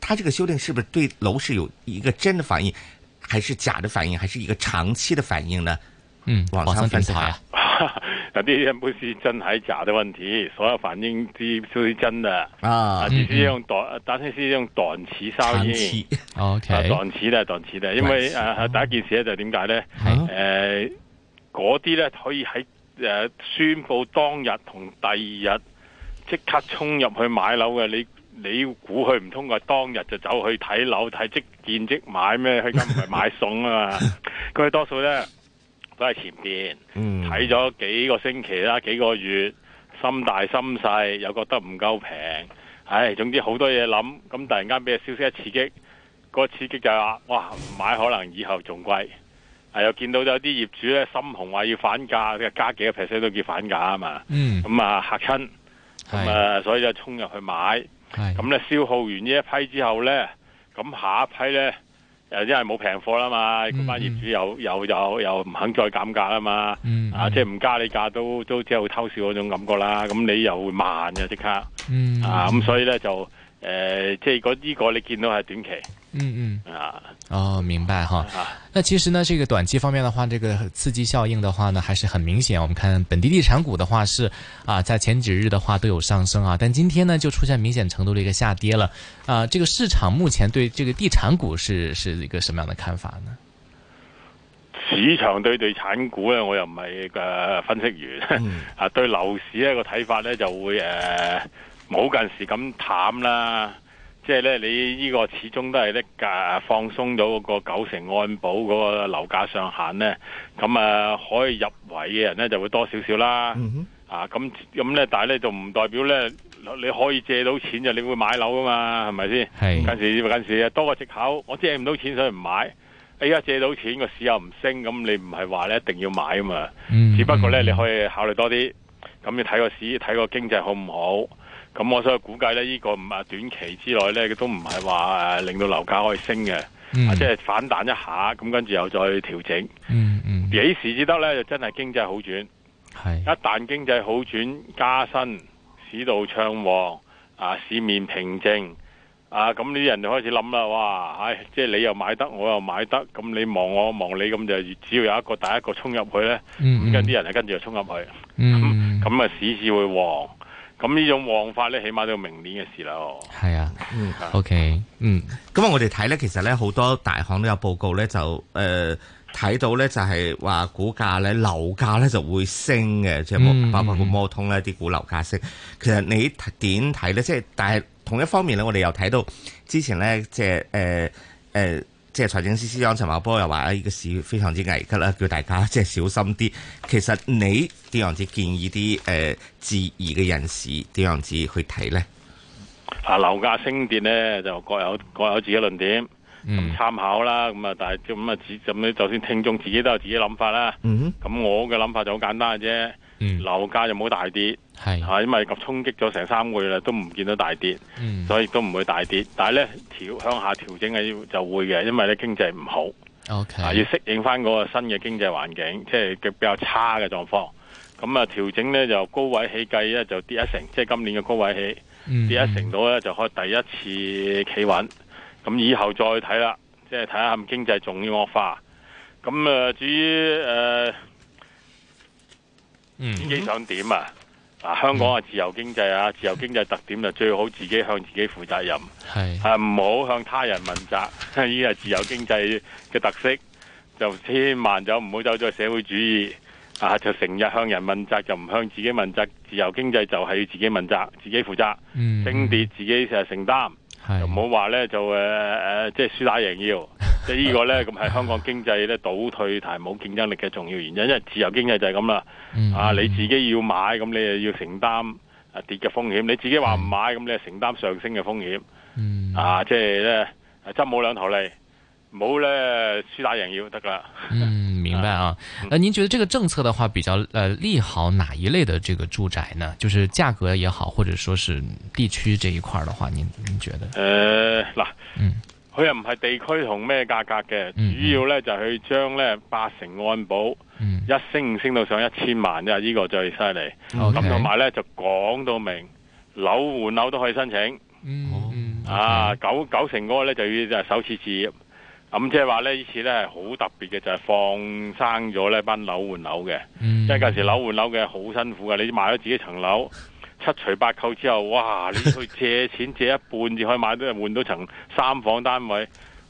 它這個修訂是不是對樓市有一個真的反應，還是假的反應，還是一個長期的反應呢？嗯，網上反彈，有啲人唔係真係假的問題，所有反應啲都係真嘅啊，只是用短、嗯嗯，但係是用短期效應短期，OK，短期的短期咧，因為誒、啊、第一件事咧就點解咧？誒、啊，嗰啲、呃、咧可以喺誒、呃、宣布當日同第二日即刻衝入去買樓嘅你。你估佢唔通？話當日就走去睇樓睇即見即買咩？佢而家唔係買餸啊嘛！佢 多數呢，都係前邊睇咗幾個星期啦，幾個月，心大心細又覺得唔夠平，唉，總之好多嘢諗。咁突然間俾個消息一刺激，個刺激就話，哇，唔買可能以後仲貴、啊。又見到有啲業主呢，心紅，話要反價，加幾個 percent 都叫反價啊嘛。咁、嗯嗯、啊嚇親，咁、嗯、啊所以就衝入去買。咁、嗯、咧消耗完呢一批之後咧，咁下一批咧誒，因為冇平貨啦嘛，咁、嗯、班業主又又又又唔肯再減價啦嘛、嗯，啊，嗯、即係唔加你價都都只有偷笑嗰種感覺啦，咁你又會慢呀，即刻，嗯、啊，咁所以咧就誒、嗯呃，即係嗰呢個你見到係短期。嗯嗯啊哦，明白哈。那其實呢，這個短期方面的話，這個刺激效應的話呢，還是很明顯。我們看本地地產股的話是啊，在前幾日的話都有上升啊，但今天呢就出現明顯程度的一個下跌了。啊，這個市場目前對這個地產股是是一個什麼樣的看法呢？市場對地產股呢，我又唔係個分析員、嗯、啊，對樓市一個睇法呢，就會誒冇近時咁淡啦。即係咧，你呢個始終都係咧，放鬆咗嗰個九成按保嗰個樓價上限咧，咁啊可以入圍嘅人咧就會多少少啦。Mm -hmm. 啊，咁咁咧，但係咧就唔代表咧你可以借到錢就你會買樓啊嘛，係咪先？係，嗰陣時嗰陣時啊，多個藉口，我借唔到錢所以唔買。而家借到錢個市又唔升，咁你唔係話咧一定要買啊嘛？Mm -hmm. 只不過咧你可以考慮多啲，咁你睇個市，睇個經濟好唔好。咁我所以估計呢呢個唔啊短期之內呢，都唔係話令到樓價可以升嘅，即、嗯、係、啊就是、反彈一下，咁跟住又再調整。嗯嗯，幾時至得呢？就真係經濟好轉。一旦經濟好轉，加薪，市道暢旺，啊市面平靜。啊咁，呢啲人就開始諗啦，哇！唉、哎，即係你又買得，我又買得，咁你望我望你，咁就只要有一個第一個衝入去呢，咁跟啲人係跟住就衝入去。嗯。咁啊市市會旺。咁呢種旺法咧，起碼都明年嘅事啦。係啊，嗯啊，OK，嗯，咁啊，我哋睇咧，其實咧好多大行都有報告咧，就誒睇、呃、到咧就係、是、話股價咧、樓價咧就會升嘅，即、嗯、係包括個摩通咧啲股樓價升。其實你點睇咧？即、就、係、是、但係同一方面咧，我哋又睇到之前咧即係誒誒。就是呃呃即係財政司司長陳茂波又話，呢、這個事非常之危急啦，叫大家即係小心啲。其實你點樣子建議啲誒、呃，置業嘅人士點樣子去睇呢？啊，樓價升跌呢，就各有各有自己論點，咁、嗯、參考啦。咁啊，但係咁啊，只就算聽眾自己都有自己諗法啦。咁、嗯、我嘅諗法就好簡單嘅啫。嗯，樓價又冇大跌，係嚇、啊，因為衝擊咗成三個月啦，都唔見到大跌，嗯、所以都唔會大跌。但係呢，向下調整係就會嘅，因為呢，經濟唔好，OK，、啊、要適應翻嗰個新嘅經濟環境，即係比較差嘅狀況。咁啊，調整呢，就高位起計呢就跌一成，即係今年嘅高位起跌一成到呢，就可以第一次企穩。咁以後再睇啦，即係睇下係咪經濟仲要惡化。咁啊，至於誒。呃 Mm -hmm. 自己想點啊？啊，香港啊，自由經濟啊，mm -hmm. 自由經濟特點就最好自己向自己負責任，係唔好向他人問責，呢個自由經濟嘅特色，就千萬就唔好走咗社會主義啊，就成日向人問責就唔向自己問責，自由經濟就係要自己問責，自己負責，升、mm、跌 -hmm. 自己成日承擔，就唔好話呢，就誒誒，即、呃、係、呃就是、輸打贏要。即係呢個呢，咁係香港經濟呢倒退同係冇競爭力嘅重要原因，因為自由經濟就係咁啦。啊、嗯嗯，你自己要買，咁你又要承擔啊跌嘅風險；你自己話唔買，咁、嗯、你承擔上升嘅風險、嗯。啊，即係呢，執冇兩頭利，唔好呢輸打贏要得啦、嗯。明白啊。那、嗯、您覺得這個政策的話，比較誒利好哪一類的這個住宅呢？就是價格也好，或者說是地區這一塊的話，您您覺得？誒、呃，嗱，嗯。佢又唔係地區同咩價格嘅、嗯，主要呢就係、是、去將呢八成按保、嗯、一升升到上一千萬呢依、這個最犀利。咁同埋呢就講到明樓換樓都可以申請。哦、啊，okay. 九九成嗰個呢就要首次置業。咁即係話呢，呢次呢係好特別嘅，就係、是、放生咗呢班樓換樓嘅。即係舊時樓換樓嘅好辛苦嘅，你賣咗自己層樓。七除八扣之後，哇！你去借錢借一半，只可以買換到換到層三房單位，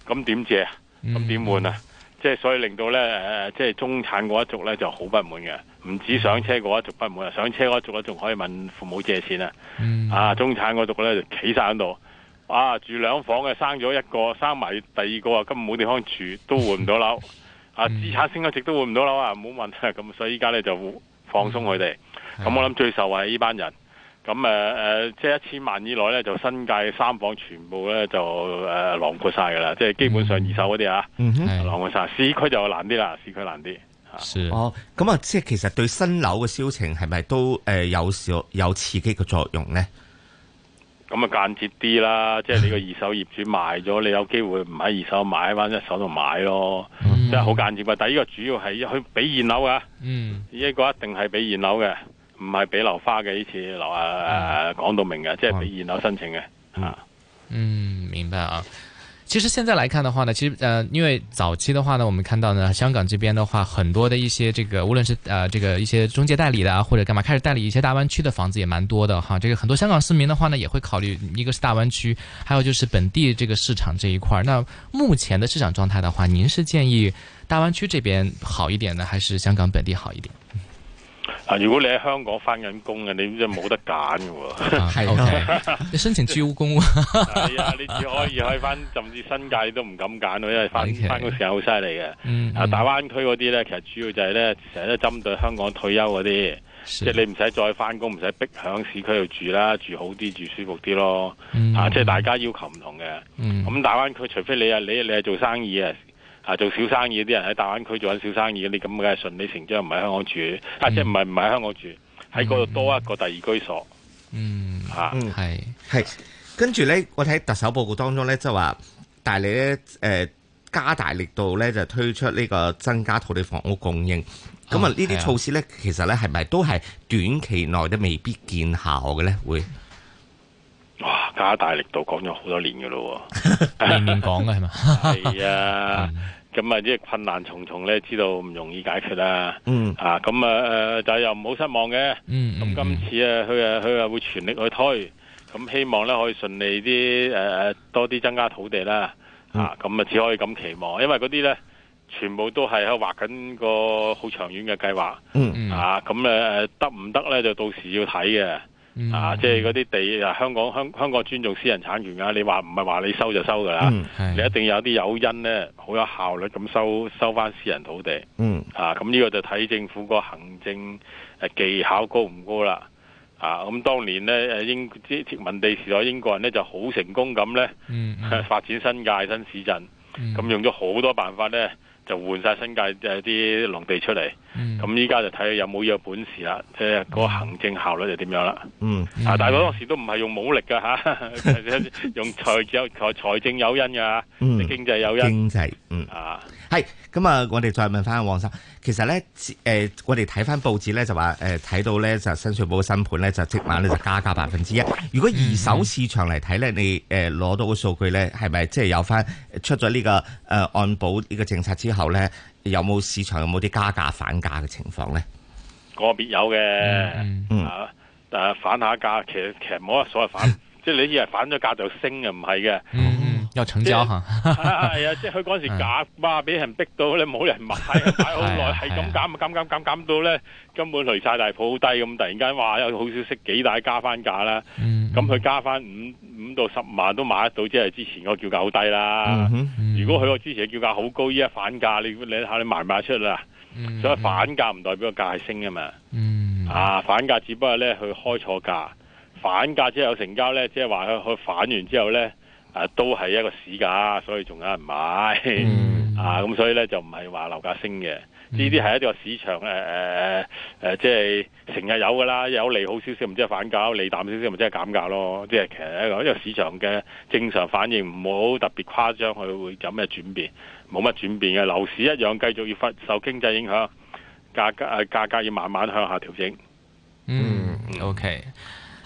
咁點借？咁點換啊？即、嗯、係、就是、所以令到呢，即、呃、係中產嗰一族呢就好不滿嘅。唔止上車嗰一族不滿啊，上車嗰一族咧仲可以問父母借錢啊。嗯、啊，中產嗰族呢就企晒喺度。啊，住兩房嘅生咗一個，生埋第二個啊，個根本冇地方住，都換唔到樓、嗯。啊，資產升一直都換唔到樓啊，唔好問。咁、啊、所以依家呢就放鬆佢哋。咁、嗯、我諗最受惠係呢班人。咁誒誒，即係一千萬以內咧，就新界三房全部咧就誒、呃，囊括晒噶啦即係基本上二手嗰啲啊，囊括晒。市區就難啲啦，市區難啲。哦，咁啊，即係其實對新樓嘅銷情係咪都誒有少有刺激嘅作用咧？咁啊，間接啲啦，即係你個二手業主賣咗， 你有機會唔喺二手買，喺一手度買咯，嗯、即係好間接啊。但係呢個主要係去俾現樓啊，呢、嗯、一、這個一定係俾現樓嘅。唔係俾樓花嘅，呢次樓啊講到明嘅、啊，即係俾現樓申請嘅。吓、嗯啊，嗯，明白啊。其實現在來看的話呢，其實，呃，因為早期的話呢，我們看到呢，香港這邊的話，很多的一些這個，無論是啊、呃，這個一些中介代理的或者幹嘛，開始代理一些大灣區的房子也蠻多的哈。這個很多香港市民的話呢，也會考慮，一個是大灣區，還有就是本地這個市場這一塊。那目前的市場狀態的話，您是建議大灣區這邊好一點呢，還是香港本地好一點？啊！如果你喺香港翻緊工嘅，你真係冇得揀嘅喎。 ah, okay. 你申請招工。係 啊、哎，你只可以去翻，甚至新界你都唔敢揀咯，因為翻翻工時間好犀利嘅。嗯。啊、嗯，大灣區嗰啲咧，其實主要就係咧，成日都針對香港退休嗰啲，即係、就是、你唔使再翻工，唔使逼喺市區度住啦，住好啲，住舒服啲咯。嗯。即係大家要求唔同嘅。嗯。咁大灣區，除非你啊，你你係做生意啊。啊、做小生意啲人喺大灣區做緊小生意，你咁梗係順理成章唔喺香港住，嗯、啊即係唔係唔喺香港住，喺嗰度多一個第二居所。嗯，啊，係，係，跟住咧，我睇特首報告當中咧，即係話大利咧，誒、呃、加大力度咧，就推出呢個增加土地房屋供應。咁啊，呢啲措施咧，其實咧，係咪都係短期內都未必見效嘅咧？會哇，加大力度講咗好多年嘅咯，年年講嘅係嘛？係啊。 是 咁啊，即係困難重重咧，知道唔容易解決啦。嗯，啊，咁啊，但、呃、係又唔好失望嘅。嗯，咁、嗯、今次啊，佢啊，佢啊，會全力去推，咁希望咧，可以順利啲，誒誒，多啲增加土地啦。啊，咁、嗯、啊，只可以咁期望，因為嗰啲咧，全部都係喺度畫緊個好長遠嘅計劃。嗯嗯，啊，咁咧得唔得咧，就到時要睇嘅。嗯、啊！即係嗰啲地啊，香港香香港尊重私人產權啊，你話唔係話你收就收噶啦、嗯，你一定要有啲誘因呢，好有效率咁收收翻私人土地。嗯啊，咁呢個就睇政府個行政技巧高唔高啦。啊，咁當年呢，誒英殖民地時代，英國人呢就好成功咁呢、嗯、發展新界新市鎮。咁、嗯、用咗好多辦法咧，就換晒新界誒啲農地出嚟。咁依家就睇下有冇依個本事啦，睇下個行政效率就點樣啦、嗯。嗯，啊，但係當時都唔係用武力噶吓，呵呵 用財有財政誘因噶、嗯，經濟誘因。經濟、嗯，啊。係咁啊！我哋再問翻黃生，其實咧，誒、呃，我哋睇翻報紙咧就話，誒、呃，睇到咧就深水埗嘅新盤咧就即晚咧就加價百分之一。如果二手市場嚟睇咧，你誒攞、呃、到嘅數據咧，係咪即係有翻出咗呢、這個誒按、呃、保呢個政策之後咧，有冇市場有冇啲加價反價嘅情況咧？個別有嘅，嗯啊，誒、嗯、反下價，其實其實冇乜所謂反， 即係你以為反咗價就升嘅，唔係嘅。嗯要成交吓，係啊，啊，啊！即係佢嗰時價哇，俾人逼到咧冇人買，人買好耐，係咁減，減，減，減，減到咧根本雷晒，大埔好低咁，突然間哇有好消息，幾大加翻價啦！咁、嗯、佢加翻五五到十萬都買得到，即係之前個叫價好低啦、嗯嗯。如果佢個之前嘅叫價好高，依家反價，你你睇下你賣唔賣出啦、嗯？所以反價唔代表個價係升噶嘛、嗯。啊，反價只不過咧佢開錯價，反價之後有成交咧，即係話佢佢反完之後咧。啊、都係一個市價，所以仲有人買、嗯、啊？咁所以呢，就唔係話樓價升嘅，呢啲係一個市場誒誒、呃呃呃、即係成日有噶啦，有利好少少，唔知係反價；有利淡少少，唔知係減價咯。即係其實一個市場嘅正常反應，唔好特別誇張，佢會有咩轉變？冇乜轉變嘅樓市一樣，繼續要受經濟影響，價格啊價格要慢慢向下調整。嗯，OK。